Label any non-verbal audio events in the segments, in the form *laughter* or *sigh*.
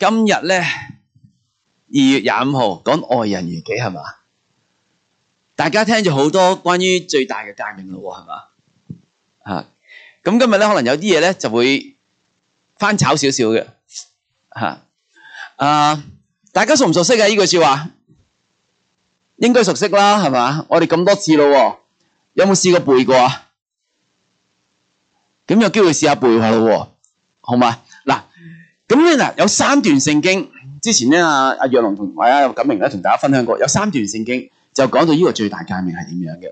今日咧二月廿五號講愛人如己係嘛？大家聽咗好多關於最大嘅誡命咯，係嘛？吓，咁今日咧可能有啲嘢咧就會翻炒少少嘅吓。啊，大家熟唔熟悉啊？呢句說話應該熟悉啦，係嘛？我哋咁多次咯，有冇試過背過啊？咁有機會試下背下咯，好嘛？咁咧嗱，有三段聖經，之前咧阿阿若龍同埋阿錦明咧同大家分享過，有三段聖經就講到呢個最大誡命係點樣嘅。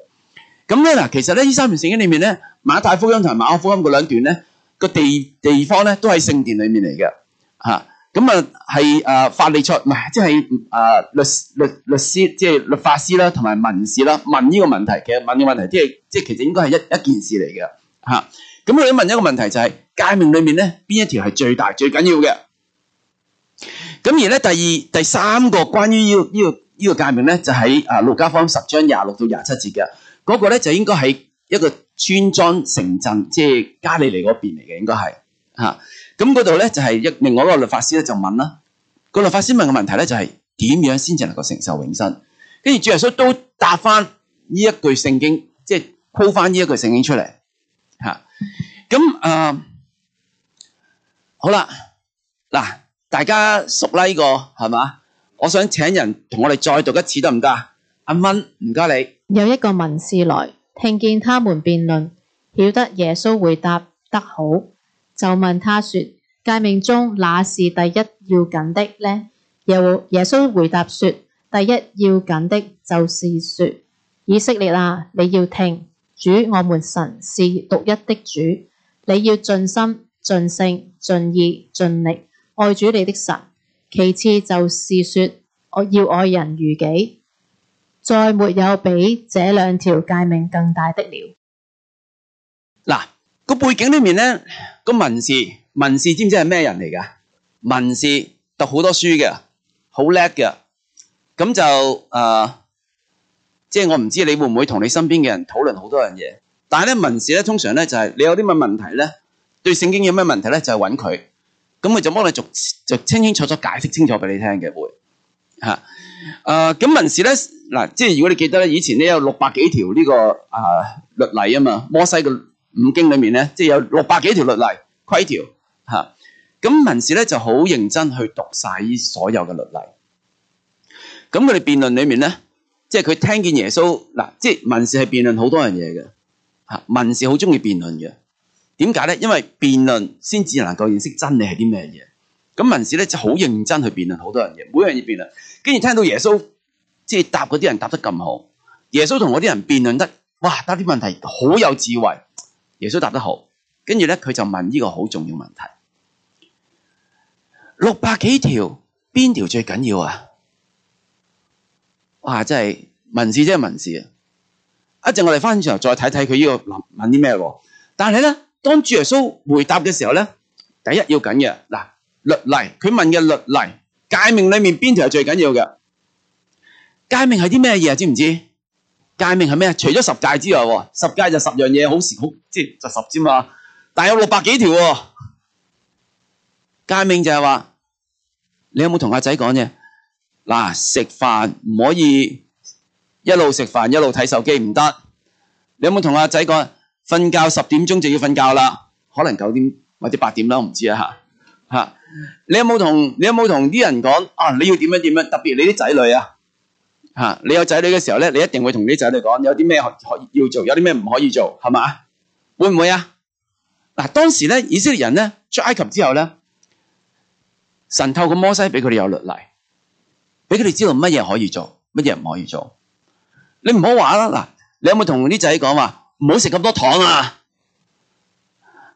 咁咧嗱，其實咧呢三段聖經裏面咧，馬太福音同埋馬可福音嗰兩段咧，個地地方咧都喺聖殿裏面嚟嘅，吓、啊，咁啊係啊法利賽唔係，即係啊律律律師即係律法師啦，同埋民事啦問呢個問題，其實問嘅問題即係即係其實應該係一一件事嚟嘅，吓、啊。咁我哋問一個問題，就是，就係誡命裏面咧，邊一條係最大最緊要嘅？咁而咧，第二、第三個關於要呢個呢個誡命咧，就喺啊路加福音十章廿六到廿七節嘅嗰個咧，就應該喺一個村莊、城鎮，即係加利利嗰邊嚟嘅，應該係吓。咁嗰度咧就係一另外一個律法師咧就問啦。個律法師問嘅問題咧就係點樣先至能夠承受永生？跟住主耶穌都答翻呢一句聖經，即係拋翻呢一句聖經出嚟吓。啊咁誒、呃，好啦，嗱，大家熟啦呢、這個係嘛？我想請人同我哋再讀一次得唔得？阿蚊，唔該你。有一個文士來聽見他們辯論，曉得耶穌回答得好，就問他說：誡命中哪是第一要緊的呢？耶和耶穌回答說：第一要緊的，就是說，以色列啊，你要聽。主，我們神是獨一的主。你要盡心、盡性、盡意、盡力愛主你的神。其次就是說，我要愛人如己。再沒有比這兩條誡命更大的了。嗱，個背景裏面呢，個文士，文士知唔知係咩人嚟噶？文士讀好多書嘅，好叻嘅，咁就誒。呃即係我唔知你會唔會同你身邊嘅人討論好多樣嘢，但係咧文士咧通常咧就係你有啲乜問題咧，對聖經有咩問題咧，就係揾佢，咁佢就幫你逐就清清楚楚解釋清楚俾你聽嘅會吓，誒，咁文士咧嗱，即係如果你記得咧，以前你有六百幾條呢個啊律例啊嘛，摩西嘅五經裏面咧，即係有六百幾條律例規條吓，咁文士咧就好認真去讀晒所有嘅律例，咁佢哋辯論裏面咧。即係佢聽見耶穌嗱，即係文士係辯論好多人嘢嘅，吓，文士好中意辯論嘅。點解咧？因為辯論先至能夠認識真理係啲咩嘢。咁文士咧就好認真去辯論好多人嘢，每樣嘢辯論。跟住聽到耶穌即係答嗰啲人答得咁好，耶穌同嗰啲人辯論得，哇，答啲問題好有智慧，耶穌答得好。跟住咧佢就問呢個好重要問題：六百幾條邊條最緊要啊？哇！真係文字真係文字啊！一陣我哋翻轉頭，再睇睇，佢呢個問問啲咩喎？但係咧，當主耶穌回答嘅時候咧，第一要緊嘅嗱律例，佢問嘅律例誡命裏面邊條係最緊要嘅？誡命係啲咩嘢啊？知唔知？誡命係咩啊？除咗十誡之外，十誡就十樣嘢，好少，即係就十啫嘛。但係有六百幾條。誡命就係話，你有冇同阿仔講啫？嗱，食飯唔可以一路食飯一路睇手機，唔得。你有冇同阿仔講？瞓覺十點鐘就要瞓覺啦，可能九點或者八點啦，我唔知啊吓吓。你有冇同你有冇同啲人講啊？你要點樣點樣？特別你啲仔女啊吓， *laughs* 你有仔女嘅時候咧，你一定會同啲仔女講有啲咩可可以要做，有啲咩唔可以做，係嘛？會唔會啊？嗱，當時咧以色列人咧出埃及之後咧，神透過摩西俾佢哋有律例。俾佢哋知道乜嘢可以做，乜嘢唔可以做。你唔好話啦，嗱，你有冇同啲仔講話唔好食咁多糖啊？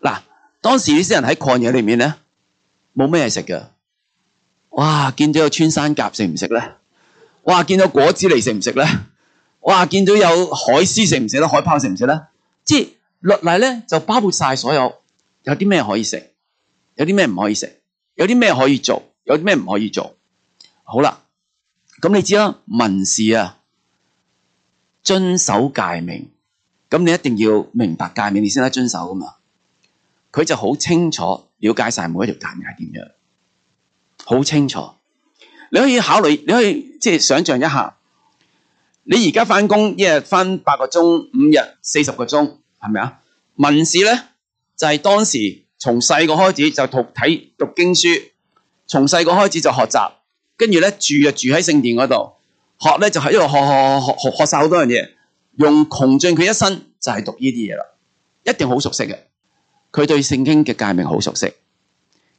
嗱，當時呢啲人喺曠野裏面咧，冇咩嘢食噶。哇，見到有穿山甲食唔食咧？哇，見到果子嚟，食唔食咧？哇，見到有海獅食唔食咧？海豹食唔食咧？即係律例咧，就包括晒所有有啲咩可以食，有啲咩唔可以食，有啲咩可以做，有啲咩唔可以做。好啦。咁你知啦，文士啊，遵守誡命，咁你一定要明白誡命，你先得遵守噶嘛。佢就好清楚了解晒每一條誡命係點樣，好清楚。你可以考慮，你可以即係想象一下，你而家返工一日返八個鐘，五日四十個鐘，係咪啊？文士呢就係、是、當時從細個開始就讀睇讀經書，從細個開始就學習。跟住咧住就住喺聖殿嗰度，學咧就係一路學學學學學晒好多樣嘢，用窮盡佢一生就係讀呢啲嘢啦，一定好熟悉嘅。佢對聖經嘅誡命好熟悉，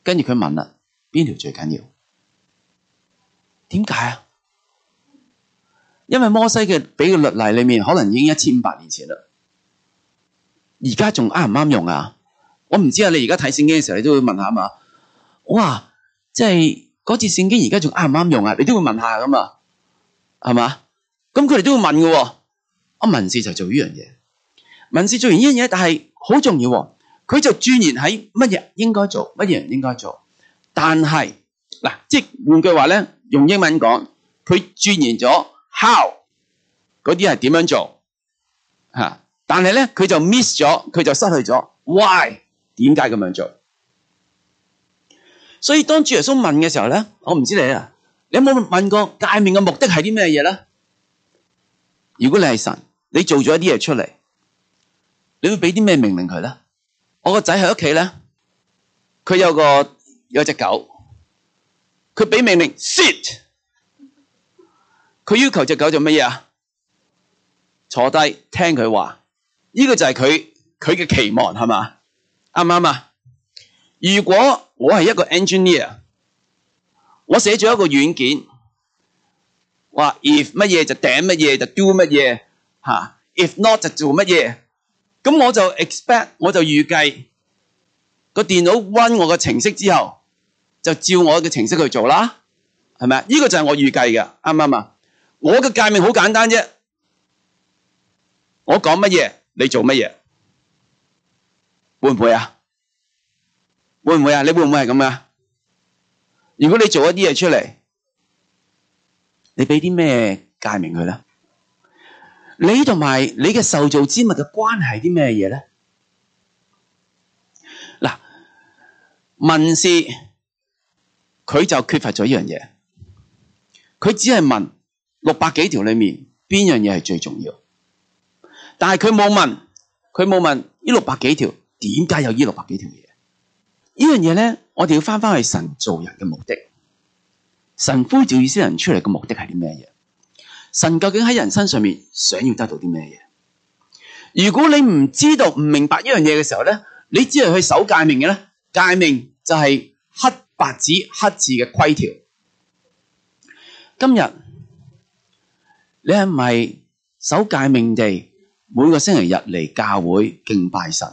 跟住佢問啦，邊條最緊要？點解啊？因為摩西嘅俾嘅律例裏面，可能已經一千五百年前啦，而家仲啱唔啱用啊？我唔知啊，你而家睇聖經嘅時候，你都會問下嘛？哇，即係。嗰節聖經而家仲啱唔啱用啊？你都會問一下噶嘛，係嘛？咁佢哋都會問噶、啊，阿、啊、文士就做呢樣嘢。文士做完呢樣嘢，但係好重要、啊，佢就鑽研喺乜嘢應該做，乜嘢唔應該做。但係、啊、即係換句話呢，用英文講，佢鑽研咗 how 嗰啲係點樣做、啊、但係呢，佢就 miss 咗，佢就失去咗 why 點解咁樣做。所以當主耶穌問嘅時候咧，我唔知你啊，你有冇問過誡命嘅目的係啲咩嘢咧？如果你係神，你做咗一啲嘢出嚟，你會畀啲咩命令佢咧？我個仔喺屋企咧，佢有個有隻狗，佢畀命令 Sit，佢要求隻狗做乜嘢啊？坐低聽佢話，呢、這個就係佢佢嘅期望係嘛？啱唔啱啊？對如果我係一個 engineer，我寫咗一個軟件，話 if 乜嘢就頂乜嘢就 do 乜嘢吓，if not 就做乜嘢，咁我就 expect 我就預計個電腦 run 我個程式之後，就照我嘅程式去做啦，係咪啊？呢個就係我預計嘅，啱唔啱啊？我嘅界面好簡單啫，我講乜嘢你做乜嘢，會唔會啊？會唔會啊？你會唔會係咁噶？如果你做一啲嘢出嚟，你俾啲咩解明佢咧？你同埋你嘅受造之物嘅關係啲咩嘢咧？嗱，文士佢就缺乏咗一樣嘢，佢只係問六百幾條裏面邊樣嘢係最重要，但係佢冇問，佢冇問呢六百幾條點解有呢六百幾條嘢？呢樣嘢咧，我哋要翻翻去神造人嘅目的。神呼召以色列人出嚟嘅目的係啲咩嘢？神究竟喺人身上面想要得到啲咩嘢？如果你唔知道，唔明白呢樣嘢嘅時候咧，你只係去守誡命嘅咧。誡命就係黑白紙，黑字嘅規條。今日你係咪守誡命地？每個星期日嚟教會敬拜神，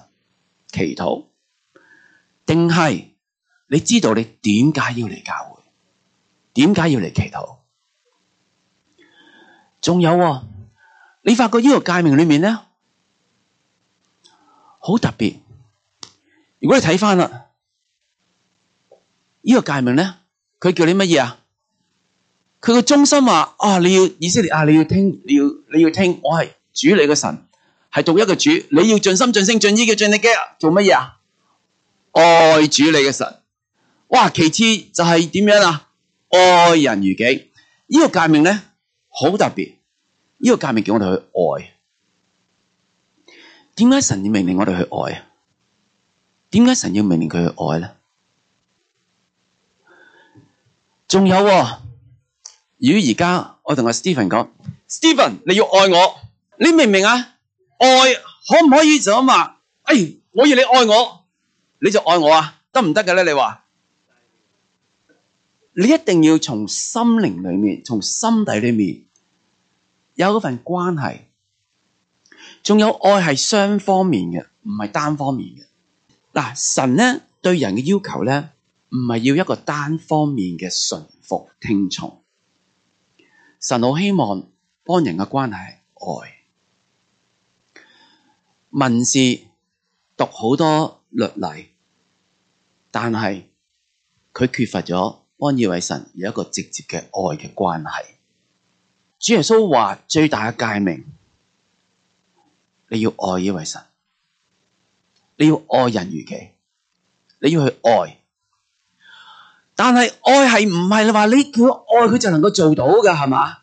祈禱。定係你知道你點解要嚟教會？點解要嚟祈禱？仲有、喎，你發覺呢個誡命裏面咧，好特別。如果你睇返啦，這個、呢個誡命咧，佢叫你乜嘢啊？佢個中心話啊，你要以色列啊，你要聽，你要你要聽，我係主你，你嘅神係獨一個主，你要盡心盡性盡意嘅盡力嘅做乜嘢啊？愛主你嘅神，哇！其次就係點樣啊？愛人如己，這個、呢、這個誡命咧好特別。呢個誡命叫我哋去愛。點解神要命令我哋去愛？點解神要命令佢去愛咧？仲有、啊，如果而家我同阿 Steven 講，Steven 你要愛我，你明唔明啊？愛可唔可以就咁話？哎，我要你愛我。你就愛我啊，得唔得嘅？咧你話，你一定要從心靈裏面，從心底裏面有嗰份關係。仲有，愛係雙方面嘅，唔係單方面嘅。嗱，神咧對人嘅要求咧，唔係要一個單方面嘅順服聽從。神好希望幫人嘅關係係愛，文字讀好多。律例，但係佢缺乏咗安以為神有一個直接嘅愛嘅關係。主耶穌話，最大嘅誡命，你要愛以為神，你要愛人如己，你要去愛。但係愛係唔係你話你叫愛佢就能夠做到嘅係嘛？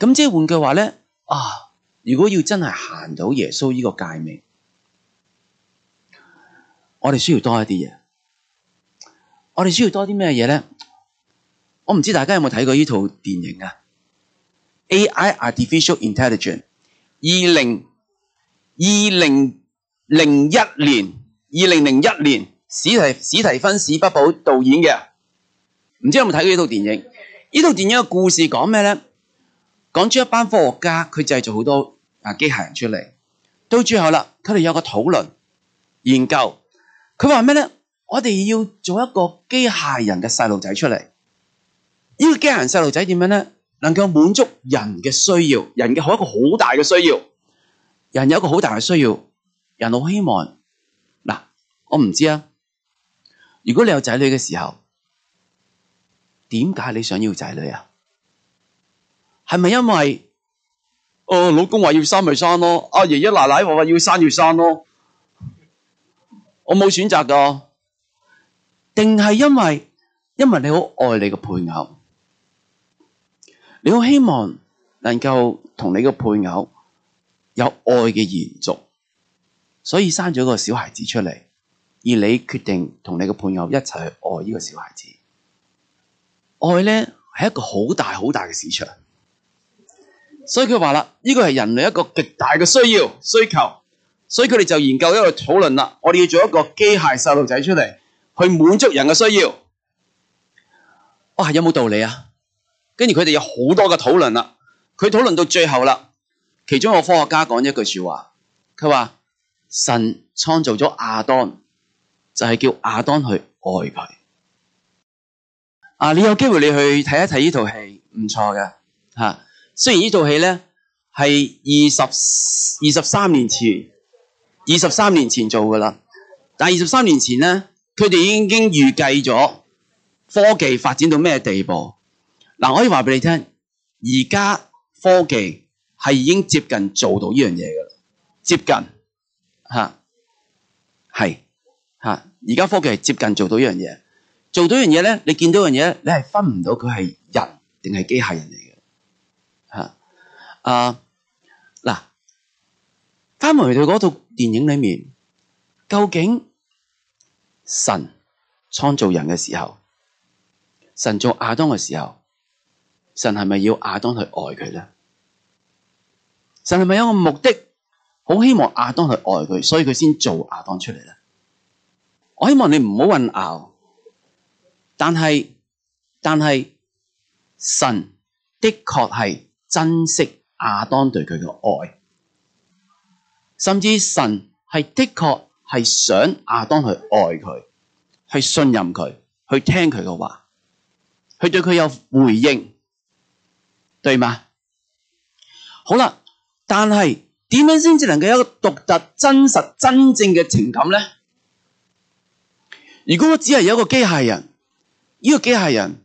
咁即係換句話咧，啊，如果要真係行到耶穌呢個誡命」我哋需要多一啲嘢，我哋需要多啲咩嘢咧？我唔知大家有冇睇過呢套電影啊？A. I. Artificial Intelligence，二零二零零一年，二零零一年，史提史提芬史匹堡導演嘅，唔知有冇睇過呢套電影？呢套電影嘅故事講咩咧？講咗一班科學家，佢製造好多啊機械人出嚟，到最後啦，佢哋有個討論研究。佢話咩咧？我哋要做一個機械人嘅細路仔出嚟。呢個機械人細路仔點樣咧？能夠滿足人嘅需要，人嘅好一個好大嘅需要。人有一個好大嘅需要，人好希望。嗱，我唔知啊。如果你有仔女嘅時候，點解你想要仔女啊？係咪因為，誒、呃，老公話要生咪生咯，阿爺爺奶奶話要生要生咯。我冇選擇噶，定係因為因為你好愛你個配偶，你好希望能夠同你個配偶有愛嘅延續，所以生咗個小孩子出嚟，而你決定同你個配偶一齊去愛呢個小孩子。愛呢係一個好大好大嘅市場，所以佢話啦，呢個係人類一個極大嘅需要、需求。所以佢哋就研究一個討論啦，我哋要做一個機械細路仔出嚟，去滿足人嘅需要。哇，有冇道理啊？跟住佢哋有好多嘅討論啦，佢討論到最後啦，其中一個科學家講一句說話，佢話神創造咗亞當，就係、是、叫亞當去愛佢。啊，你有機會你去睇一睇呢套戲，唔錯嘅吓、啊。雖然這呢套戲呢係二十二十三年前。二十三年前做噶啦但二十三年前呢，佢哋已經預計咗科技發展到咩地步？嗱，我可以話俾你聽，而家科技係已經接近做到呢樣嘢噶啦接近吓，係、啊、吓，而家、啊、科技係接近做到呢樣嘢，做到的呢樣嘢咧，你見到樣嘢，你係分唔到佢係人定係機械人嚟嘅啊。他們到嗰套電影裏面，究竟神創造人嘅時候，神做亞當嘅時候，神係咪要亞當去愛佢咧？神係咪有一個目的，好希望亞當去愛佢，所以佢先做亞當出嚟咧？我希望你唔好混淆，但係但係神的確係珍惜亞當對佢嘅愛。甚至神，係的確係想亞當去愛佢，去信任佢，去聽佢嘅話，去對佢有回應，對嗎？好啦，但係點樣先至能夠有一個獨特、真實、真正嘅情感呢？如果我只係有一個機械人，呢個機械人，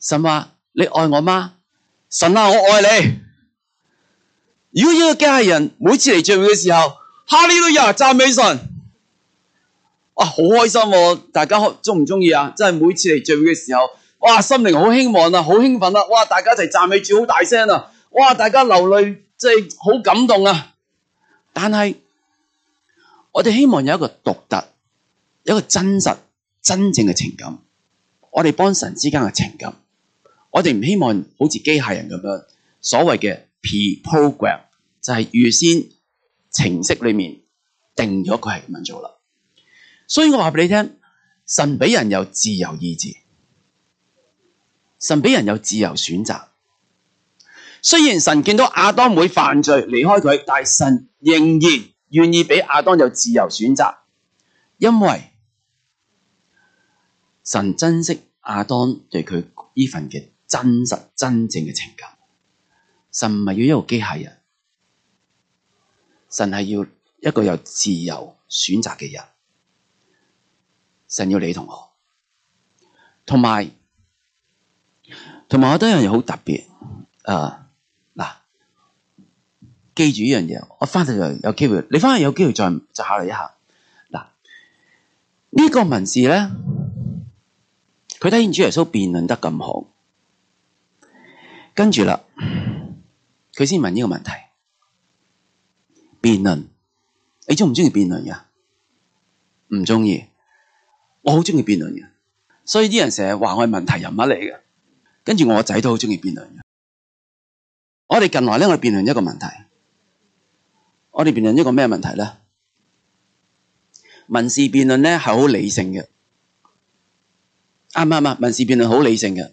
神啊，你愛我嗎？神啊，我愛你。如果呢個機械人每次嚟聚會嘅時候，哈利路亞，讚美神，哇，好開心，啊，大家好，中唔中意啊？真係每次嚟聚會嘅時候，哇，心靈好希望啦，啊，好興奮啦，啊，哇，大家一齊讚美住，好大聲啦，啊，哇，大家流淚，真係好感動啊！但係我哋希望有一個獨特、有一個真實、真正嘅情感，我哋幫神之間嘅情感，我哋唔希望好似機械人咁樣，所謂嘅。Pre-programmed, 就係預先程式裏面定咗佢係咁樣做啦，所以我話俾你聽，神俾人有自由意志，神俾人有自由選擇。雖然神見到亞當會犯罪離開佢，但係神仍然願意俾亞當有自由選擇，因為神珍惜亞當對佢呢份嘅真實真正嘅情感。神唔係要一個機械人，神係要一個有自由選擇嘅人。神要你同學我，同埋同埋，我覺得樣嘢好特別，誒，嗱，記住呢樣嘢，我翻去就有機會，你翻去有機會再再考慮一下。嗱，呢個文字咧，佢睇見主耶穌辯論得咁好，跟住啦。佢先問呢個問題，辯論，你中唔中意辯論呀？唔中意，我好中意辯論嘅，所以啲人成日話我係問題人物嚟嘅。跟住我仔都好中意辯論。我哋近來咧，我哋辯論一個問題，我哋辯論一個咩問題呢？民事辯論咧係好理性嘅，啱唔啱？民事辯論好理性嘅。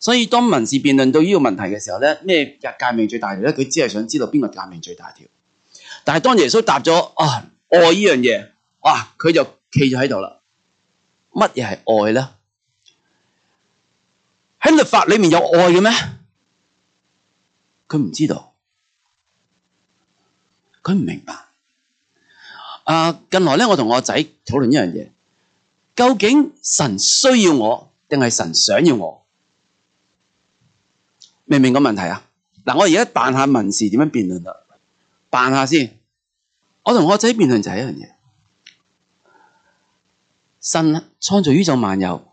所以當民事辯論到呢個問題嘅時候咧，咩誡命最大條呢？佢只係想知道邊個誡命最大條。但係當耶穌答咗啊愛呢樣嘢，哇佢、啊、就企咗喺度啦。乜嘢係愛呢？喺律法裏面有愛嘅咩？佢唔知道，佢唔明白。啊，近來呢，我同我仔討論一樣嘢，究竟神需要我定係神想要我？明唔明個問題啊？嗱，我而家辦下民事點樣辯論啦？辦下先，我同我仔辯論就係一樣嘢。神創造宇宙萬有，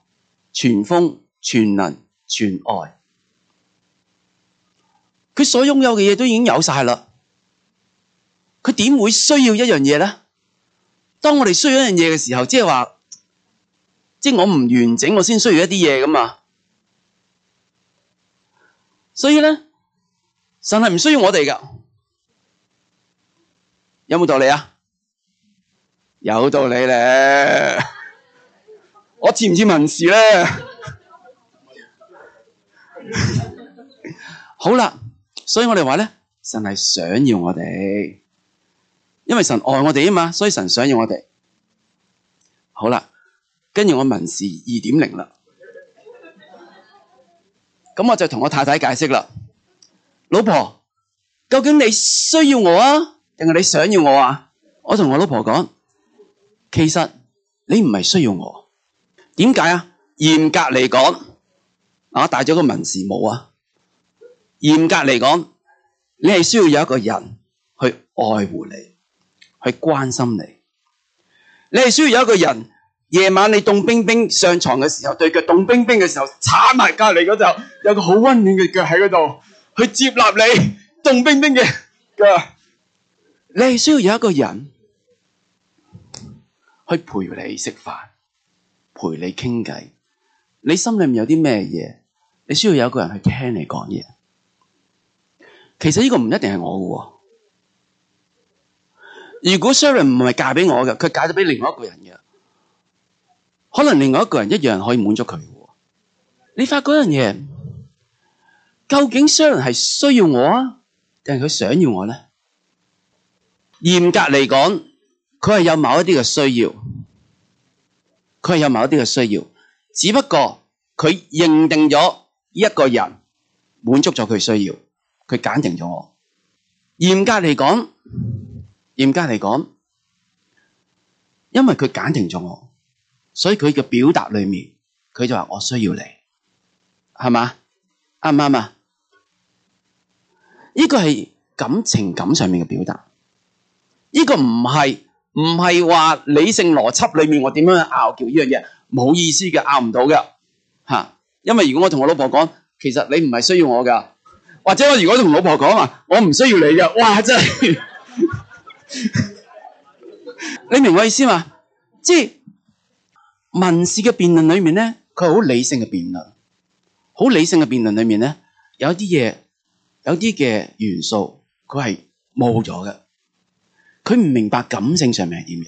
全豐、全能、全愛，佢所擁有嘅嘢都已經有晒啦。佢點會需要一樣嘢咧？當我哋需要一樣嘢嘅時候，即係話，即係我唔完整，我先需要一啲嘢噶嘛。所以呢，神係唔需要我哋㗎，有冇道理啊？有道理咧，我似唔似文士咧？ *laughs* 好啦，所以我哋話咧，神係想要我哋，因為神愛我哋啊嘛，所以神想要我哋。好啦，跟住我文士二點零啦。咁我就同我太太解釋啦，老婆，究竟你需要我啊，定係你想要我啊？我同我老婆講，其實你唔係需要我，點解啊？嚴格嚟講，我帶咗個文字帽啊，嚴格嚟講，你係需要有一個人去愛護你，去關心你，你係需要有一個人。夜晚你凍冰冰上床嘅時候，對腳凍冰冰嘅時候，踩埋隔離嗰度有個好溫暖嘅腳喺度去接納你凍冰冰嘅腳。你係需要有一個人去陪你食飯，陪你傾偈。你心裏面有啲咩嘢，你需要有一個人去聽你講嘢。其實呢個唔一定係我嘅。如果 Sharon 唔係嫁畀我嘅，佢嫁咗俾另外一個人嘅。可能另外一個人一樣可以滿足佢。你發覺樣嘢，究竟商人係需要我啊，定係佢想要我呢？嚴格嚟講，佢係有某一啲嘅需要，佢係有某一啲嘅需要。只不過佢認定咗一個人滿足咗佢嘅需要，佢揀定咗我。嚴格嚟講，嚴格嚟講，因為佢揀定咗我。所以佢嘅表達裏面，佢就話我需要你，係嘛？啱唔啱啊？呢個係感情感上面嘅表達，呢個唔係唔係話理性邏輯裏面我點樣去拗撬呢樣嘢，冇意思嘅，拗唔到嘅吓。因為如果我同我老婆講，其實你唔係需要我噶，或者我如果同老婆講話，我唔需要你嘅，哇真係， *laughs* 你明我意思嘛？即係？文士嘅辯論裏面咧，佢係好理性嘅辯論，好理性嘅辯論裏面咧，有啲嘢，有啲嘅元素佢係冇咗嘅，佢唔明白感性上面係點樣。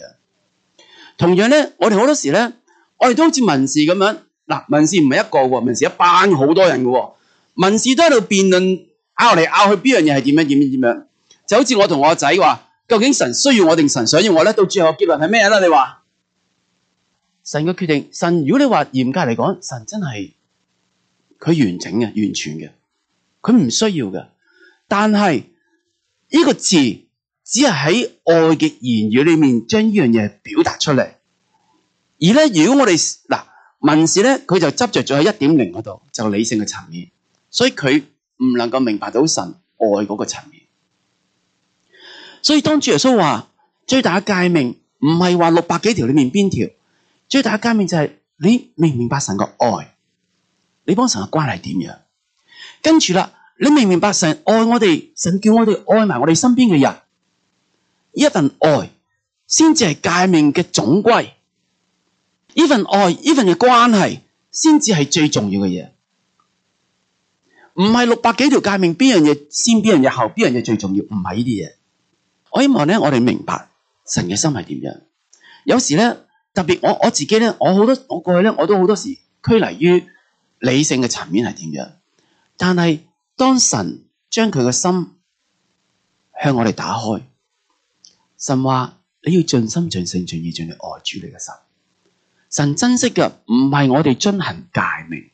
同樣咧，我哋好多時咧，我哋都好似文士咁樣，嗱，文士唔係一個喎，文士一班好多人嘅，文士都喺度辯論拗嚟拗去，邊樣嘢係點樣點樣點樣？就好似我同我仔話，究竟神需要我定神想要我咧？到最後結論係咩啦？你話？神嘅決定，神如果你話嚴格嚟講，神真係佢完整嘅、完全嘅，佢唔需要嘅。但係呢、這個字只係喺愛嘅言語裏面將呢樣嘢表達出嚟。而咧，如果我哋嗱文士咧，佢就執着咗喺一點零嗰度，就是、理性嘅層面，所以佢唔能夠明白到神愛嗰個層面。所以當主耶穌話最大嘅誡命，唔係話六百幾條裏面邊條？最大嘅誡命就係你明唔明白神嘅愛，你幫神嘅關係點樣？跟住啦，你明唔明白神愛我哋？神叫我哋愛埋我哋身邊嘅人，呢一份愛先至係誡命嘅總歸，呢份愛呢份嘅關係先至係最重要嘅嘢。唔係六百幾條誡命邊樣嘢先邊樣嘢後邊樣嘢最重要？唔係呢啲嘢。我希望咧，我哋明白神嘅心係點樣。有時咧。特別我我自己咧，我好多我過去咧，我都好多時拘泥於理性嘅層面係點樣，但係當神將佢嘅心向我哋打開，神話你要盡心盡性盡意盡力愛主你嘅神，神珍惜嘅唔係我哋遵行誡命，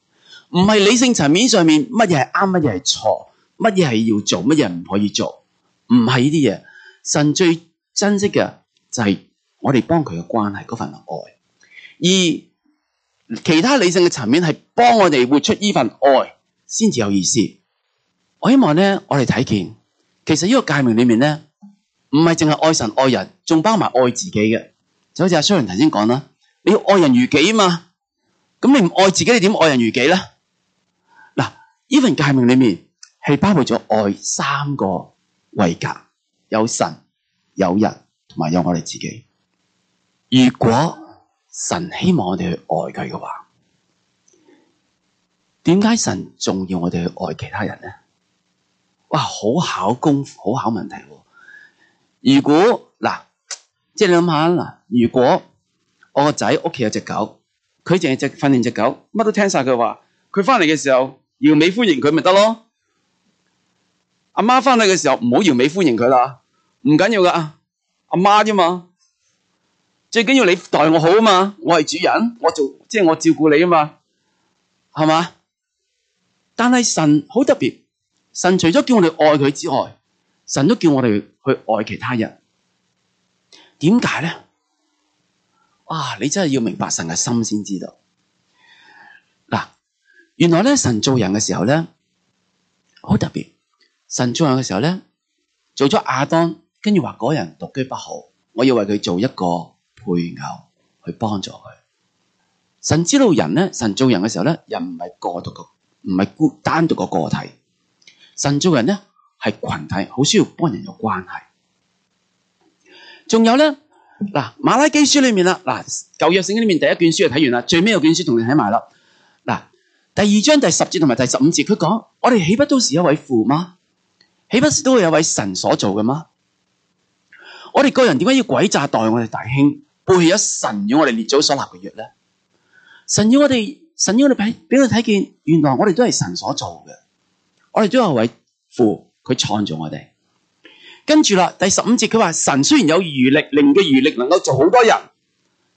唔係理性層面上面乜嘢係啱，乜嘢係錯，乜嘢係要做，乜嘢唔可以做，唔係呢啲嘢，神最珍惜嘅就係、是。我哋幫佢嘅關係嗰份愛，而其他理性嘅層面係幫我哋活出呢份愛先至有意思。我希望咧，我哋睇見，其實呢個界面裏面咧，唔係淨係愛神愛人，仲包埋愛自己嘅。就好似阿 s u p 頭先講啦，你要愛人如己嘛，咁你唔愛自己，你點愛人如己咧？嗱，呢份界面裏面係包括咗愛三個位格，有神、有人同埋有我哋自己。如果神希望我哋去愛佢嘅話，點解神仲要我哋去愛其他人呢？哇，好考功夫，好考問題喎。如果嗱，即係你諗下嗱，如果我個仔屋企有隻狗，佢淨係只訓練隻狗，乜都聽晒佢話，佢翻嚟嘅時候搖尾歡迎佢咪得咯？阿媽翻嚟嘅時候唔好搖尾歡迎佢啦，唔緊要噶，阿媽啫嘛。最緊要你待我好啊嘛，我係主人，我做即係、就是、我照顧你啊嘛，係嘛？但係神好特別，神除咗叫我哋愛佢之外，神都叫我哋去愛其他人。點解咧？哇！你真係要明白神嘅心先知道。嗱，原來咧神做人嘅時候咧好特別，神做人嘅時候咧做咗亞當，跟住話嗰人獨居不好，我要為佢做一個。配偶去幫助佢，神知道人咧，神造人嘅時候咧，人唔係單獨個，唔係孤單獨個個體，神造人咧係群體，好需要幫人有關係。仲有咧，嗱馬拉基書裏面啦，嗱舊約聖經裏面第一卷書就睇完啦，最尾有卷書同你睇埋啦。嗱第二章第十節同埋第十五節，佢講：我哋豈不都是一位父嗎？豈不是都會有位神所做嘅嗎？我哋個人點解要詭詐待我哋大兄？背棄咗神要我哋列祖所立嘅約咧，神要我哋，神要我哋睇，俾我哋睇見，原來我哋都係神所做嘅，我哋都係位父，佢創造我哋。跟住啦，第十五節佢話神雖然有餘力，靈嘅餘力能夠做好多人，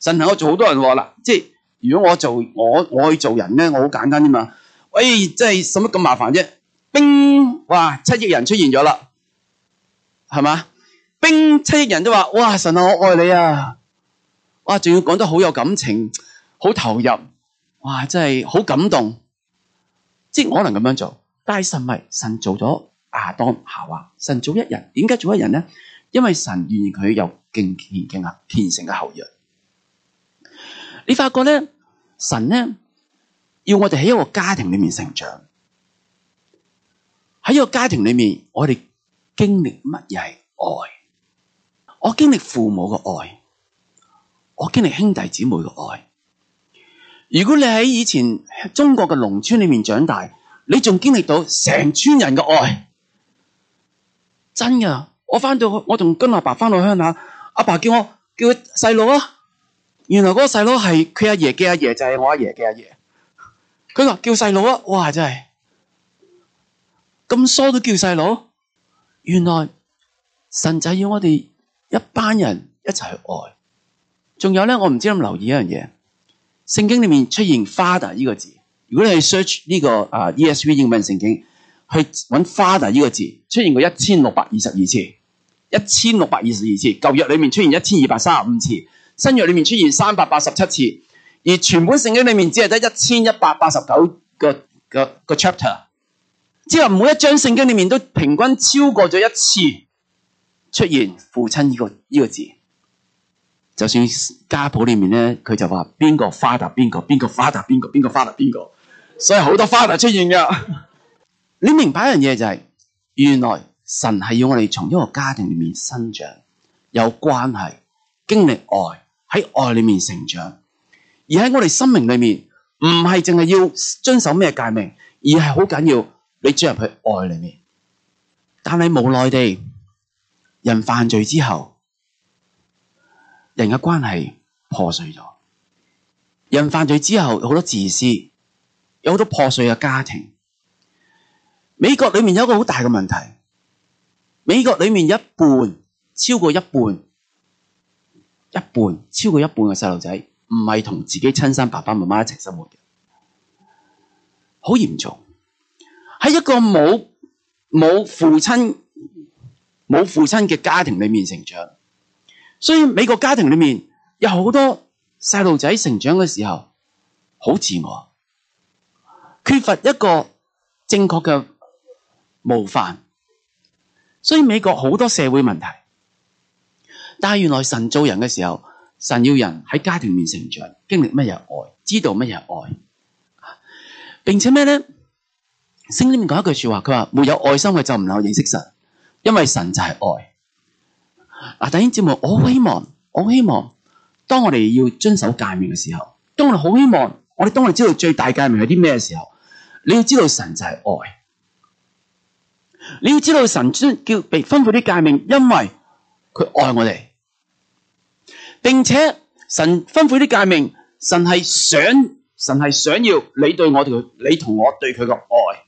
神能夠做好多人喎啦，即係如果我做，我我去做人咧，我好簡單啫嘛，喂，即係使乜咁麻煩啫？冰哇，七億人出現咗啦，係嘛？冰，七億人都話，哇，神啊，我愛你啊！哇，仲要講得好有感情，好投入，哇，真係好感動。即係可能咁樣做，但係神咪，神做咗亞當夏娃，神做一人。點解做一人咧？因為神願意佢有敬虔、敬啊虔誠嘅後裔。你發覺咧，神咧要我哋喺一個家庭裏面成長，喺一個家庭裏面，我哋經歷乜嘢係愛？我經歷父母嘅愛。我經歷兄弟姐妹嘅愛。如果你喺以前中國嘅農村裏面長大，你仲經歷到成村人嘅愛。真嘅，我翻到去，我同金阿爸翻到鄉下，阿爸叫我叫佢細佬啊。原來嗰個細佬係佢阿爺嘅阿爺，就係我阿爺嘅阿爺。佢話叫細佬啊，哇，真係咁疏都叫細佬。原來神仔要我哋一班人一齊去愛。仲有咧，我唔知有冇留意一樣嘢，聖經裏面出現 father 呢個字。如果你去 search 呢個啊 ESV 英文聖經，去揾 father 呢個字，出現過一千六百二十二次，一千六百二十二次。舊約裏面出現一千二百三十五次，新約裏面出現三百八十七次，而全本聖經裏面只係得一千一百八十九個個個 chapter，即係每一章聖經裏面都平均超過咗一次出現父親呢個呢個字。就算家譜裏面咧，佢就話邊個花達邊個，邊個花達邊個，邊個花達邊個，所以好多花達出現嘅。 *laughs* 你明白一樣嘢就係、是，原來神係要我哋從一個家庭裏面生長，有關係，經歷愛，喺愛裏面成長。而喺我哋生命裏面，唔係淨係要遵守咩誡命，而係好緊要你進入去愛裏面。但係無奈地，人犯罪之後。人嘅關係破碎咗，人犯罪之後有好多自私，有好多破碎嘅家庭。美國裏面有一個好大嘅問題，美國裏面一半超過一半，一半超過一半嘅細路仔唔係同自己親生爸爸媽媽一齊生活嘅，好嚴重。喺一個冇冇父親冇父親嘅家庭裏面成長。所以美國家庭裏面有好多細路仔成長嘅時候好自我，缺乏一個正確嘅模範，所以美國好多社會問題。但係原來神做人嘅時候，神要人喺家庭裏面成長，經歷乜嘢係愛，知道乜嘢係愛，並且咩咧？聖經裏講一句說話，佢話沒有愛心嘅就唔能夠認識神，因為神就係愛。嗱，第一節目，我好希望，我好希望，當我哋要遵守誡命嘅時候，當我哋好希望，我哋當我知道最大誡命係啲咩嘅時候，你要知道神就係愛，你要知道神專叫被吩咐啲誡命，因為佢愛我哋，並且神吩咐啲誡命，神係想，神係想要你對我同你同我對佢嘅愛，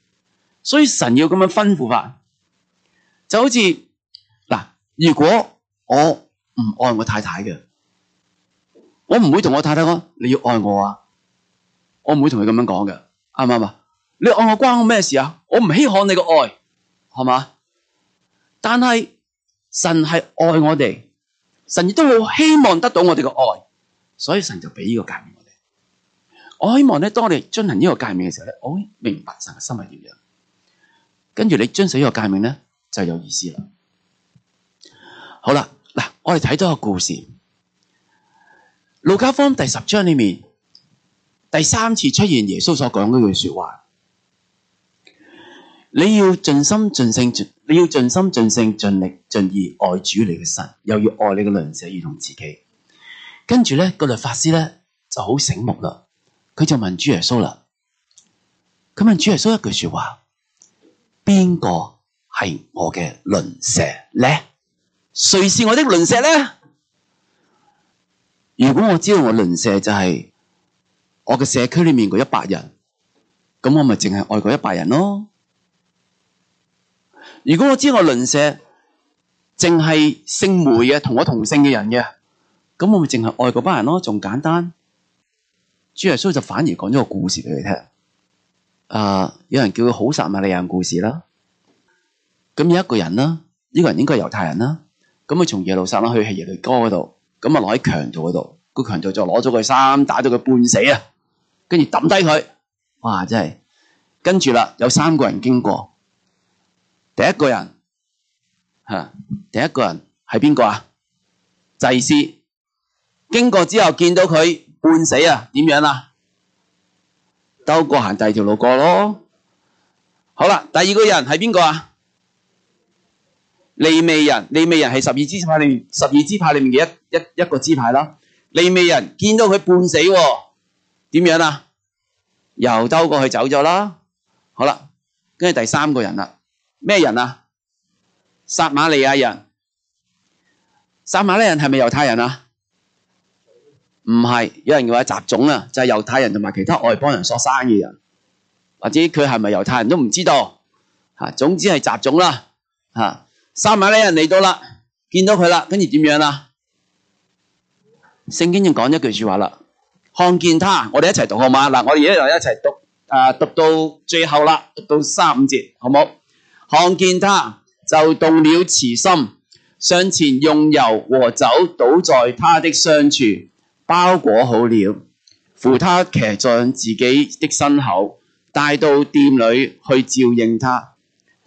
所以神要咁樣吩咐法，就好似嗱，如果我唔愛我太太嘅，我唔會同我太太講，你要愛我啊。我唔會同佢咁樣講嘅，啱唔啱啊？你愛我關我咩事啊？我唔稀罕你嘅愛，係嘛？但係神係愛我哋，神亦都好希望得到我哋嘅愛，所以神就畀呢個誡命我哋。我希望咧，當我哋進行呢個誡命嘅時候咧，我會明白神嘅心係點樣，跟住你遵守呢個誡命咧，就有意思啦。好啦。嗱，我哋睇到一個故事《路加福音》第十章裏面第三次出現耶穌所講嗰句說話：你要盡心盡性盡，你要盡心盡性盡力盡意愛主你嘅神，又要愛你嘅鄰舍，如同自己。跟住呢，嗰個律法師呢就好醒目啦，佢就問主耶穌啦，佢問主耶穌一句說話：邊個係我嘅鄰舍呢？誰是我的鄰舍呢？如果我知道我鄰舍就係我嘅社區裏面嗰一百人，咁我咪淨係愛嗰一百人咯。如果我知道我鄰舍淨係姓梅嘅同我同姓嘅人嘅，咁我咪淨係愛嗰班人咯，仲簡單。主耶穌就反而講咗個故事俾佢聽，啊、呃，有人叫佢好撒瑪利亞人故事啦。咁有一個人啦，呢、這個人應該係猶太人啦。咁佢從耶路撒冷去係耶利哥嗰度，咁啊落喺強盜嗰度，個強盜就攞咗佢衫，打咗佢半死啊，跟住抌低佢，哇真係！跟住啦，有三個人經過，第一個人吓、啊，第一個人係邊個啊？祭司經過之後見到佢半死啊，點樣啊？兜過行第二條路過咯。好啦，第二個人係邊個啊？利未人，利未人係十二支派裏面，十二支派裏面嘅一一一個支派啦。利未人見到佢半死，啊，點樣啊？又兜過去走咗啦。好啦，跟住第三個人啦，咩人啊？撒瑪利亞人，撒瑪利亞人係咪猶太人啊？唔係，有人話雜種啊，就係、是、猶太人同埋其他外邦人所生嘅人，或者佢係咪猶太人都唔知道，吓，總之係雜種啦，吓，啊。三萬呢人嚟到啦，見到佢啦，跟住點樣啦、啊？聖經就講一句說話啦，看見他，我哋一齊讀好嘛？嗱，我哋而家一齊讀，誒、啊，讀到最後啦，讀到三五節，好冇？看見他就動了慈心，上前用油和酒倒在他的傷處，包裹好了，扶他騎上自己的身後，帶到店裏去照應他。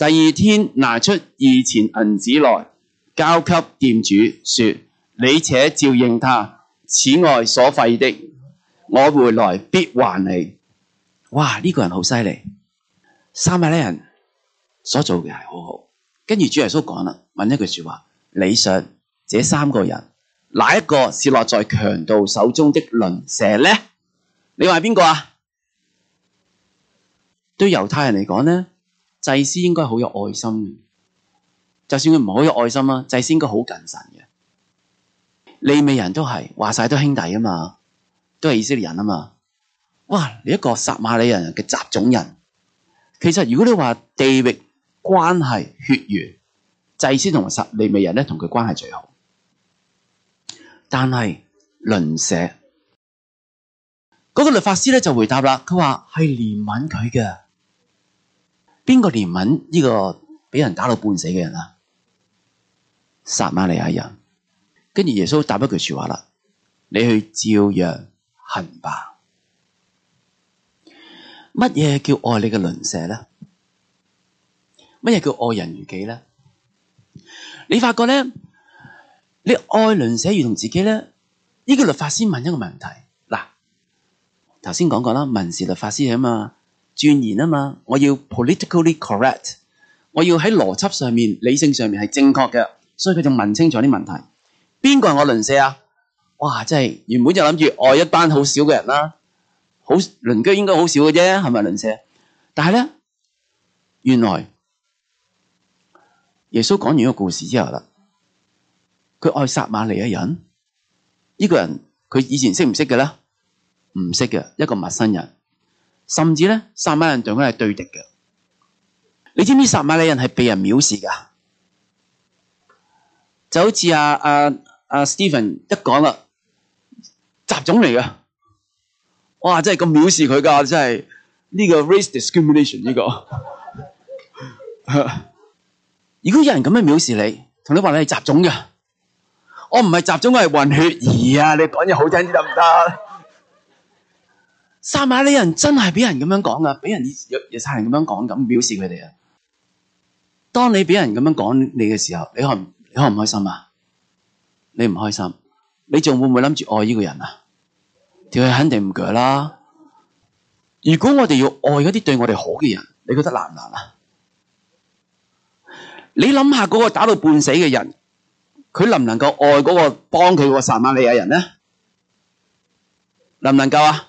第二天拿出二錢銀子來，交給店主，說：你且照應他，此外所費的，我回來必還你。哇！呢、這個人好犀利，撒瑪利亞人所做嘅係好好。跟住主耶穌講啦，問一句說話：你想這三個人，哪一個是落在強盜手中的鄰舍呢？你話邊個啊？對猶太人嚟講呢？祭司應該好有愛心，就算佢唔好有愛心啦，祭司應該好謹慎嘅。利未人都係話晒都兄弟啊嘛，都係以色列人啊嘛。哇！你一個撒瑪利人嘅雜種人，其實如果你話地域關係血緣，祭司同撒利未人咧同佢關係最好，但係鄰舍嗰個律法師咧就回答啦，佢話係憐憫佢嘅。邊個憐憫呢個俾人打到半死嘅人啊？撒瑪利亞人。跟住耶穌答一句說話啦，你去照樣行吧。乜嘢叫愛你嘅鄰舍咧？乜嘢叫愛人如己咧？你發覺咧，你愛鄰舍如同自己咧？呢個律法師問一個問題：嗱，頭先講過啦，民事律法師係吖嘛。轉言啊嘛，我要 politically correct，我要喺邏輯上面、理性上面係正確嘅，所以佢就問清楚啲問題。邊個係我鄰舍啊？哇，真係原本就諗住愛一班好少嘅人啦，啊，好鄰居應該好少嘅啫，係咪鄰舍？但係咧，原來耶穌講完一個故事之後啦，佢愛撒瑪利亞人，呢個人佢以前識唔識嘅咧？唔識嘅，一個陌生人。甚至咧，撒瑪人同佢係對敵嘅。你知唔知撒瑪人係被人藐視噶？就好似阿阿阿 Stephen 一講啦，雜種嚟噶。哇，真係咁藐視佢噶，真係呢、這個 race discrimination 呢、這個。 *laughs* 如果有人咁樣藐視你，同你話你係雜種嘅，我唔係雜種，我係混血兒啊！你講嘢好聽啲得唔得？行撒瑪利亞人真係畀人咁樣講噶，畀人以日日晒人咁樣講，咁表示佢哋啊。當你畀人咁樣講你嘅時候，你開你開唔開心啊？你唔開心，你仲會唔會諗住愛呢個人啊？條氣肯定唔鋸啦。如果我哋要愛嗰啲對我哋好嘅人，你覺得難唔難啊？你諗下嗰個打到半死嘅人，佢能唔能夠愛嗰個幫佢個撒瑪利亞人呢？能唔能夠啊？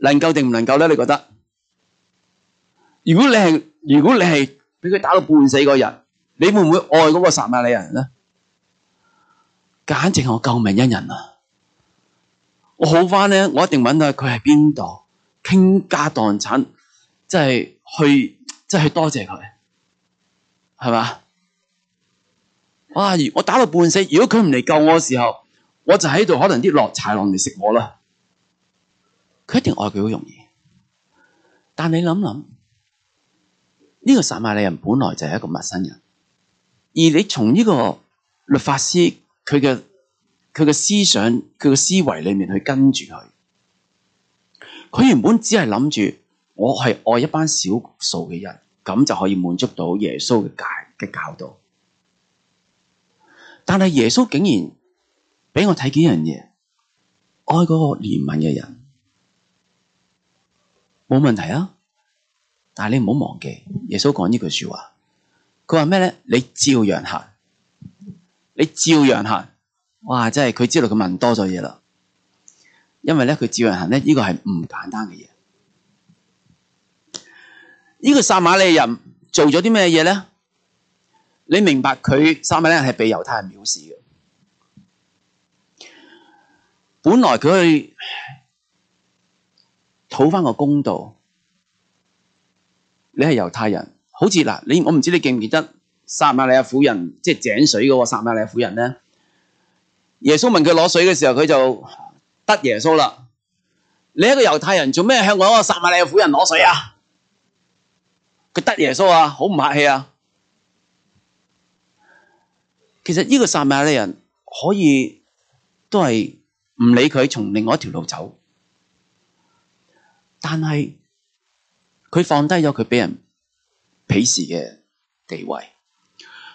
能夠定唔能夠呢？你覺得？如果你係如果俾佢打到半死嗰人，你會唔會愛嗰個撒瑪利亞人呢？簡直係我救命恩人啊！我好翻呢，我一定搵到佢係邊度，傾家蕩產，即係去，即係多謝佢，係嘛？哇！我打到半死，如果佢唔嚟救我嘅時候，我就喺度可能啲落柴狼嚟食我啦。佢一定愛佢好容易，但你諗諗，呢個撒瑪利人本來就係一個陌生人，而你從呢個律法師佢嘅佢嘅思想佢嘅思維裏面去跟住佢，佢原本只係諗住我係愛一班少數嘅人，咁就可以滿足到耶穌嘅戒教導。但係耶穌竟然俾我睇幾樣嘢，愛嗰個憐憫嘅人。冇問題啊，但係你唔好忘記耶穌講呢句說話，佢話咩咧？你照樣行，你照樣行，哇！真係佢知道佢問多咗嘢啦，因為咧佢照樣行咧，呢、這個係唔簡單嘅嘢。呢、這個撒瑪利亞人做咗啲咩嘢咧？你明白佢撒瑪利亞人係被猶太人藐視嘅，本來佢去。討翻個公道，你係猶太人，好似嗱，你我唔知你記唔記得撒瑪利亞婦人，即係井水嘅撒瑪利亞婦人咧。耶穌問佢攞水嘅時候，佢就得耶穌啦。你一個猶太人做咩向我個撒瑪利亞婦人攞水啊？佢得耶穌啊，好唔客氣啊。其實呢個撒瑪利亞人可以都係唔理佢，從另外一條路走。但係佢放低咗佢俾人鄙視嘅地位，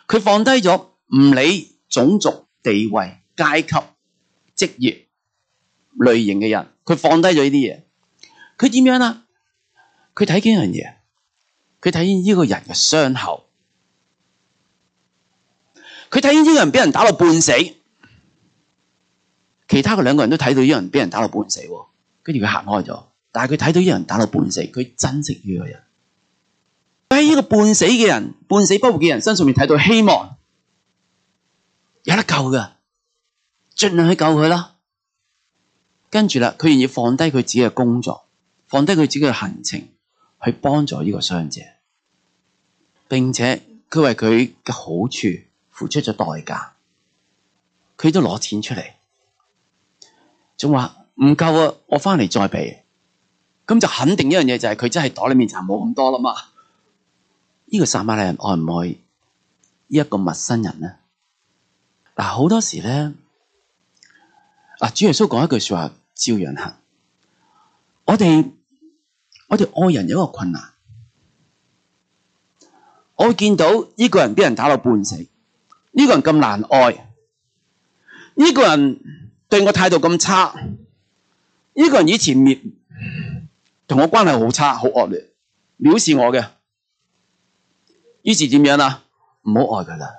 佢放低咗唔理種族、地位、階級、職業、類型嘅人，佢放低咗呢啲嘢。佢點樣啦？佢睇見樣嘢，佢睇見呢個人嘅傷口，佢睇見呢個人俾人打到半死，其他嘅兩個人都睇到呢個人俾人打到半死，跟住佢行開咗。但係佢睇到一人打到半死，佢珍惜呢個人。喺呢個半死嘅人，半死不活嘅人身上面睇到希望，有得救㗎，盡量去救佢啦。跟住啦，佢願意放低佢自己嘅工作，放低佢自己嘅行程，去幫助呢個傷者，並且佢為佢嘅好處付出咗代價，佢都攞錢出嚟，仲話唔夠啊，我返嚟再俾。咁就肯定一樣嘢就係佢真係袋裏面就冇咁多啦嘛？呢個撒瑪利亞人愛唔愛呢一個陌生人呢？嗱，好多時咧，啊，主耶穌講一句說話，照樣行。我哋我哋愛人有一個困難，我會見到呢個人俾人打到半死，呢、這個人咁難愛，呢、這個人對我態度咁差，呢、這個人以前滅。同我關係好差，好惡劣，藐視我嘅。於是點樣啦？唔好愛佢啦，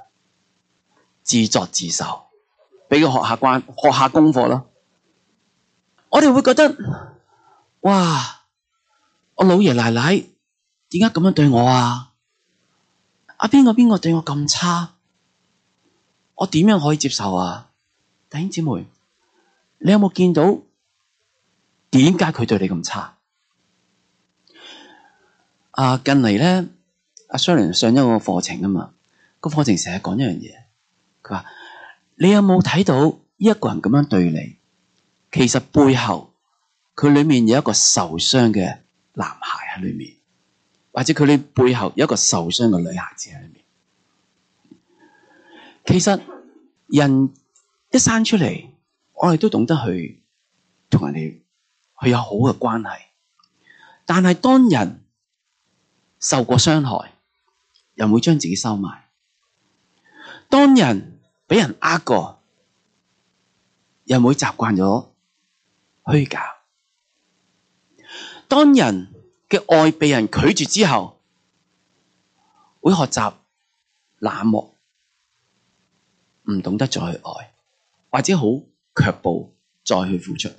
自作自受，畀佢學下關，學下功課啦。我哋會覺得，哇！我老爺奶奶點解咁樣對我啊？阿、啊、邊個邊個對我咁差？我點樣可以接受啊？弟兄姊妹，你有冇見到點解佢對你咁差？啊，uh, 近嚟咧，阿 Sharon 上咗個課程啊嘛，個課程成日講一樣嘢，佢話你有冇睇到一個人咁樣對你，其實背後佢裏面有一個受傷嘅男孩喺裏面，或者佢哋背後有一個受傷嘅女孩子喺裏面。其實人一生出嚟，我哋都懂得去同人哋去有好嘅關係，但係當人，受過傷害，又會將自己收埋。當人畀人呃過，又會習慣咗虛假。當人嘅愛被人拒絕之後，會學習冷漠，唔懂得再去愛，或者好卻步再去付出愛。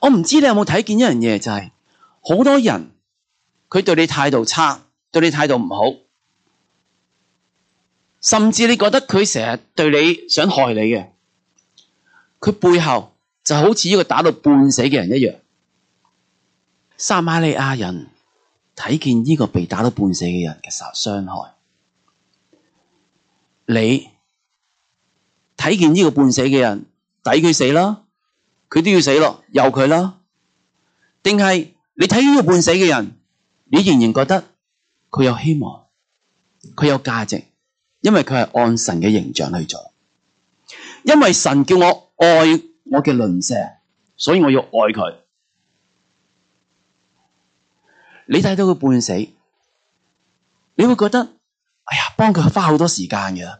我唔知你有冇睇見一樣嘢，就係、是。好多人佢對你態度差，對你態度唔好，甚至你覺得佢成日對你想害你嘅，佢背後就好似呢個打到半死嘅人一樣。撒瑪利亞人睇見呢個被打到半死嘅人的時候，其實傷害你睇見呢個半死嘅人，抵佢死啦，佢都要死咯，由佢啦，定係？你睇呢個半死嘅人，你仍然覺得佢有希望，佢有價值，因為佢係按神嘅形象去做。因為神叫我愛我嘅鄰舍，所以我要愛佢。你睇到佢半死，你會覺得哎呀，幫佢花好多時間嘅，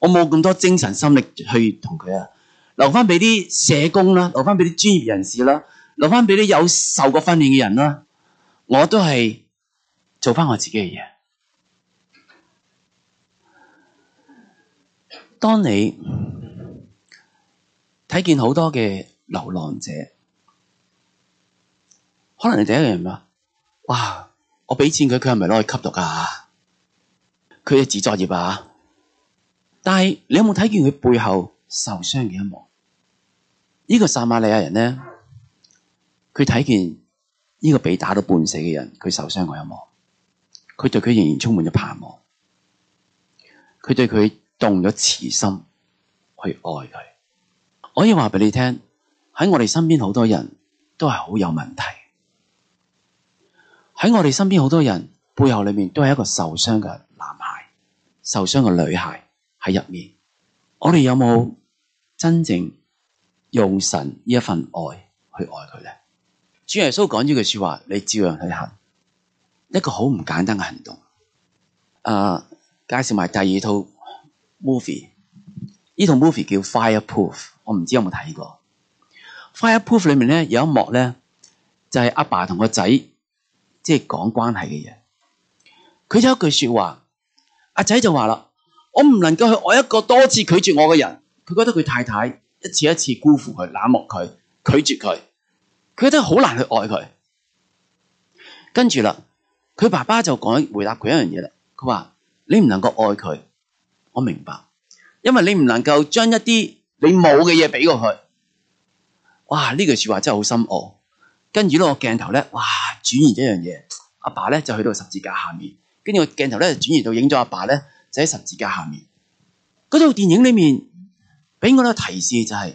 我冇咁多精神心力去同佢啊，留翻畀啲社工啦，留翻畀啲專業人士啦。攞返畀啲有受過訓練嘅人啦，我都係做返我自己嘅嘢。當你睇見好多嘅流浪者，可能你第一個人話：哇！我畀錢佢，佢係咪攞去吸毒啊？佢係自作孽啊？但係你有冇睇見佢背後受傷嘅一幕？這個、呢個撒瑪利亞人咧？佢睇見呢個被打到半死嘅人，佢受傷過有冇？佢對佢仍然充滿咗盼望，佢對佢動咗慈心去愛佢。我可以話俾你聽，喺我哋身邊好多人都係好有問題，喺我哋身邊好多人背後裏面都係一個受傷嘅男孩、受傷嘅女孩喺入面。我哋有冇真正用神呢一份愛去愛佢咧？主耶穌講咗句說話，你照樣去行一個好唔簡單嘅行動。啊、呃，介紹埋第二套 movie，呢套 movie 叫 Fireproof，我唔知有冇睇過。Fireproof 裏面咧有一幕咧，就係阿爸同個仔即係講關係嘅嘢。佢有一句說話，阿仔就話啦：我唔能夠去愛一個多次拒絕我嘅人。佢覺得佢太太一次一次辜負佢、冷漠佢、拒絕佢。佢真係好難去愛佢，跟住啦，佢爸爸就講回答佢一樣嘢啦。佢話：你唔能夠愛佢，我明白，因為你唔能夠將一啲你冇嘅嘢畀過佢。哇！呢句說話真係好深奧。跟住呢個鏡頭咧，哇！轉移一樣嘢，阿爸咧就去到十字架下面。跟住個鏡頭咧，就轉移到影咗阿爸咧，就喺十字架下面。嗰套電影裏面俾我呢個提示就係：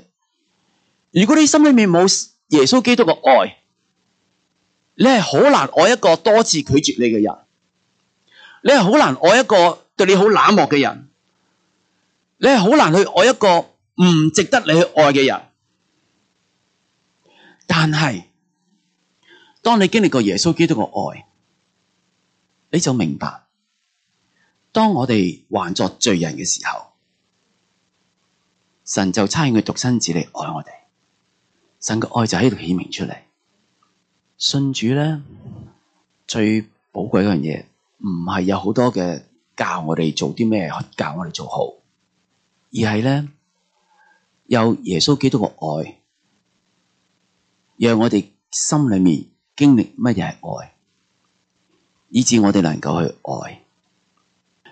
如果你心裏面冇。耶穌基督嘅愛，你係好難愛一個多次拒絕你嘅人，你係好難愛一個對你好冷漠嘅人，你係好難去愛一個唔值得你去愛嘅人。但係，當你經歷過耶穌基督嘅愛，你就明白，當我哋還作罪人嘅時候，神就差佢獨生子嚟愛我哋。神嘅愛就喺度顯明出嚟。信主咧最寶貴一樣嘢，唔係有好多嘅教我哋做啲咩，教我哋做好，而係咧有耶穌基督嘅愛，讓我哋心裏面經歷乜嘢係愛，以致我哋能夠去愛。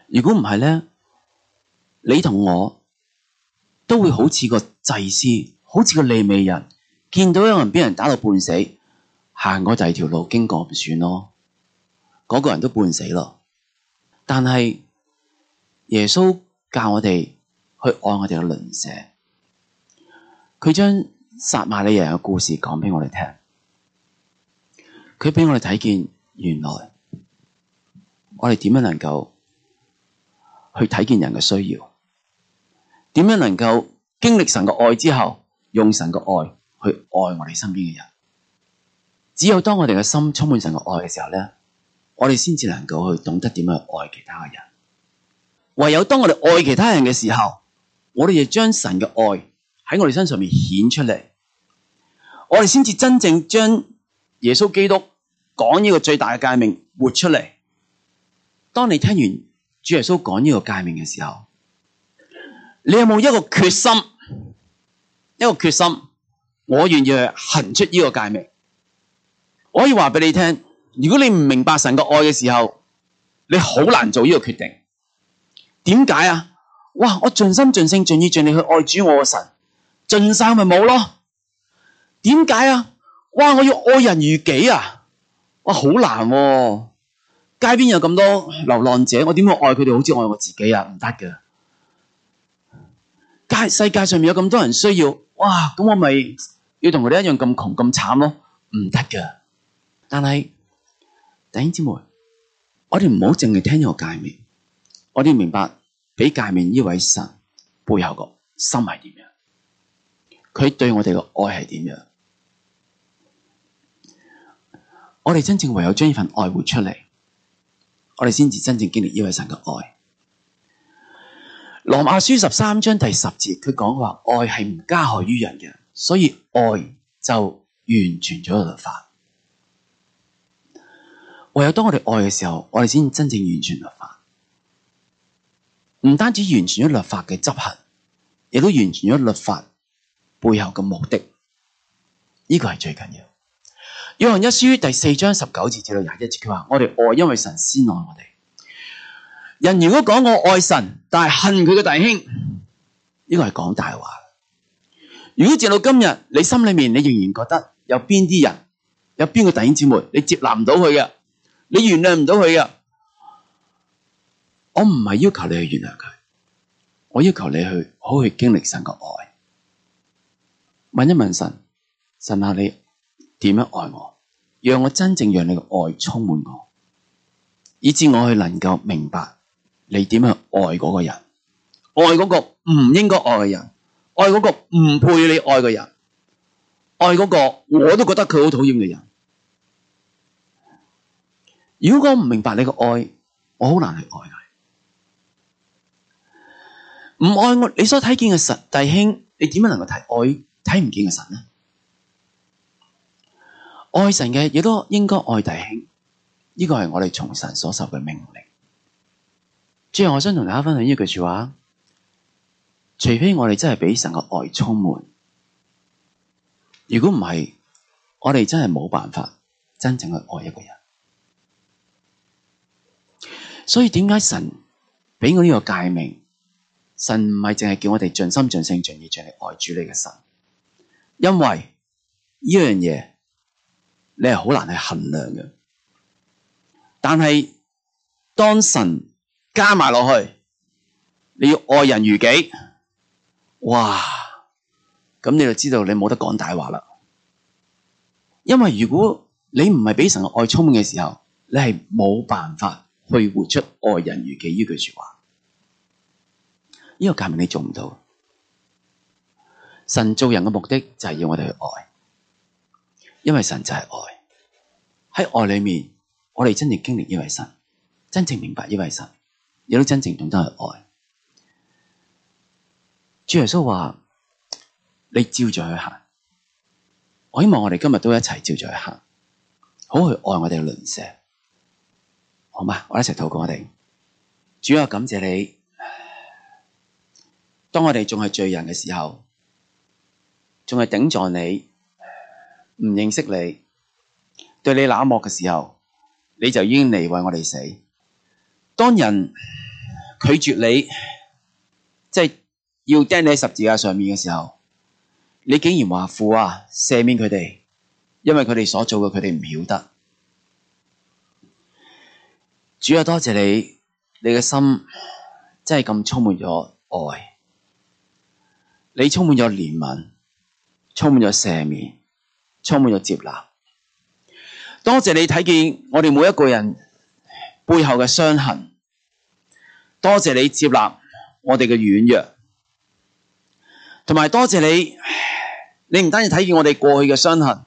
如果唔係咧，你同我都會好似個祭司，好似個利未人。見到有人俾人打到半死，行過第二條路經過咪算咯。嗰、那個人都半死咯。但係耶穌教我哋去愛我哋嘅鄰舍，佢將撒馬利亞嘅故事講畀我哋聽，佢畀我哋睇見原來我哋點樣能夠去睇見人嘅需要，點樣能夠經歷神嘅愛之後用神嘅愛。去愛我哋身邊嘅人，只有當我哋嘅心充滿神嘅愛嘅時候咧，我哋先至能夠去懂得點樣去愛其他嘅人。唯有當我哋愛其他人嘅時候，我哋就將神嘅愛喺我哋身上面顯出嚟，我哋先至真正將耶穌基督講呢個最大嘅誡命活出嚟。當你聽完主耶穌講呢個誡命嘅時候，你有冇一個決心？一個決心。我願意行出呢個界面，我可以話俾你聽，如果你唔明白神個愛嘅時候，你好難做呢個決定。點解啊？哇！我盡心盡性盡意盡力去愛主我嘅神，盡晒咪冇咯。點解啊？哇！我要愛人如己啊！哇，好難啊。街邊有咁多流浪者，我點會愛佢哋，好似愛我自己啊？唔得嘅。世界上面有咁多人需要，哇！咁我咪要同佢哋一樣咁窮咁慘咯？唔得噶！但係弟兄姊妹，我哋唔好淨係聽呢個誡命，我哋要明白俾誡命呢位神背後個心係點樣，佢對我哋嘅愛係點樣。我哋真正唯有將呢份愛活出嚟，我哋先至真正經歷呢位神嘅愛。羅馬書十三章第十節，佢講佢話，愛係唔加害於人嘅，所以愛就完全咗律法。唯有當我哋愛嘅時候，我哋先真正完全律法。唔單止完全咗律法嘅執行，亦都完全咗律法背後嘅目的。呢個係最緊要。約翰一書第四章十九節至到廿一節，佢話我哋愛，因為神先愛我哋。人如果講我愛神，但係恨佢嘅弟兄，呢個係講大話。如果直到今日，你心裏面你仍然覺得有邊啲人，有邊個弟兄姊妹，你接納唔到佢嘅，你原諒唔到佢嘅，我唔係要求你去原諒佢，我要求你去好去經歷神嘅愛，問一問神，神啊，你點樣愛我，讓我真正讓你嘅愛充滿我，以至我去能夠明白。你點樣愛嗰個人？愛嗰個唔應該愛嘅人？愛嗰個唔配你愛嘅人？愛嗰個，我都覺得佢好討厭嘅人？如果我唔明白你嘅愛，我好難去愛佢。唔愛我，你所睇見嘅神弟兄，你點樣能夠睇愛，睇唔見嘅神呢？愛神嘅，亦都應該愛弟兄，呢個係我哋從神所受嘅命令。之後，我想同大家分享一句說話：除非我哋真係俾神嘅愛充滿，如果唔係，我哋真係冇辦法真正去愛一個人。所以點解神俾我呢個誡命？神唔係淨係叫我哋盡心、盡性、盡意、盡力愛主你嘅神，因為呢樣嘢你係好難去衡量嘅。但係當神，加埋落去，你要愛人如己，哇！咁你就知道你冇得講大話啦。因為如果你唔係俾神嘅愛充滿嘅時候，你係冇辦法去活出愛人如己呢句說話。呢、這個證明你做唔到。神做人嘅目的就係要我哋去愛，因為神就係愛。喺愛裏面，我哋真正經歷呢位神，真正明白呢位神。有啲真正用真去愛，主耶穌話，你照著去行。我希望我哋今日都一齊照著去行，好，好去愛我哋嘅鄰舍，好嘛？我一齊禱告，我哋，主啊，感謝你，當我哋仲係罪人嘅時候，仲係頂撞你，唔認識你，對你冷漠嘅時候，你就已經嚟為我哋死。當人拒絕你，即係要釘你十字架上面嘅時候，你竟然話父啊，赦免佢哋，因為佢哋所做嘅佢哋唔曉得。主要多謝你，你嘅心真係咁充滿咗愛，你充滿咗憐憫，充滿咗赦免，充滿咗接納。多謝你睇見我哋每一個人。背後嘅傷痕，多謝你接納我哋嘅軟弱，同埋多謝你。你唔單止睇見我哋過去嘅傷痕，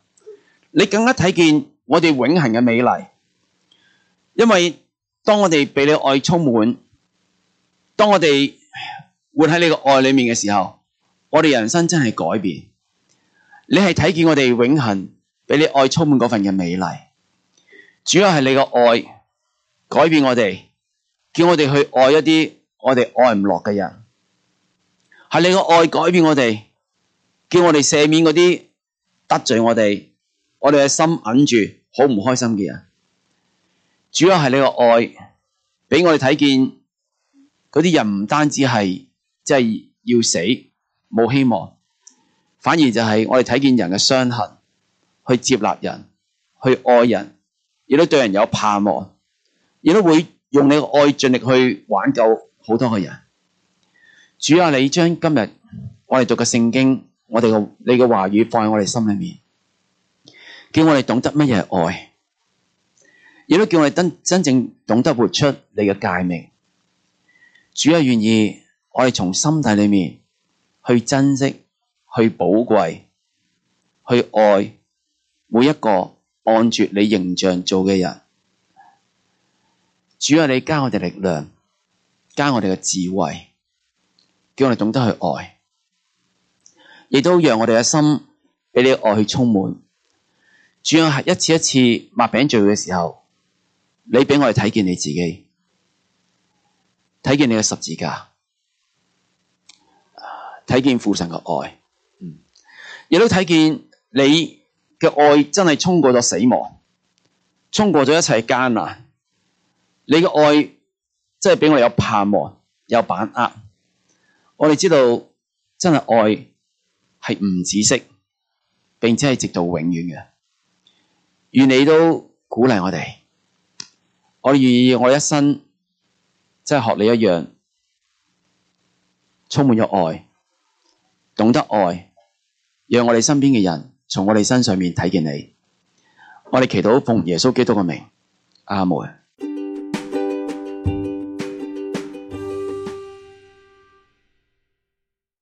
你更加睇見我哋永恒嘅美麗。因為當我哋俾你愛充滿，當我哋活喺你嘅愛裏面嘅時候，我哋人生真係改變。你係睇見我哋永恒，俾你愛充滿嗰份嘅美麗，主要係你嘅愛。改變我哋，叫我哋去愛一啲我哋愛唔落嘅人，係你個愛改變我哋，叫我哋赦免嗰啲得罪我哋，我哋嘅心忍住好唔開心嘅人。主要係你個愛俾我哋睇見嗰啲人唔單止係即係要死冇希望，反而就係我哋睇見人嘅傷痕，去接納人，去愛人，亦都對人有盼望。亦都會用你嘅愛盡力去挽救好多個人。主啊，你將今日我哋讀嘅聖經，我哋嘅你嘅話語放喺我哋心裏面，叫我哋懂得乜嘢愛，亦都叫我哋真正懂得活出你嘅誡命。主啊，願意我哋從心底裏面去珍惜、去寶貴、去愛每一個按住你形象做嘅人。主啊，你加我哋力量，加我哋嘅智慧，叫我哋懂得去愛，亦都讓我哋嘅心畀你嘅愛去充滿。主要係一次一次抹餅聚會嘅時候，你畀我哋睇見你自己，睇見你嘅十字架，睇見父神嘅愛，嗯，亦都睇見你嘅愛真係衝過咗死亡，衝過咗一切艱難。你嘅愛真係俾我哋有盼望，有把握。我哋知道真係愛係唔止息，並且係直到永遠嘅。願你都鼓勵我哋，我願意我一生真係學你一樣，充滿咗愛，懂得愛，讓我哋身邊嘅人從我哋身上面睇見你。我哋祈禱，奉耶穌基督嘅名，阿門。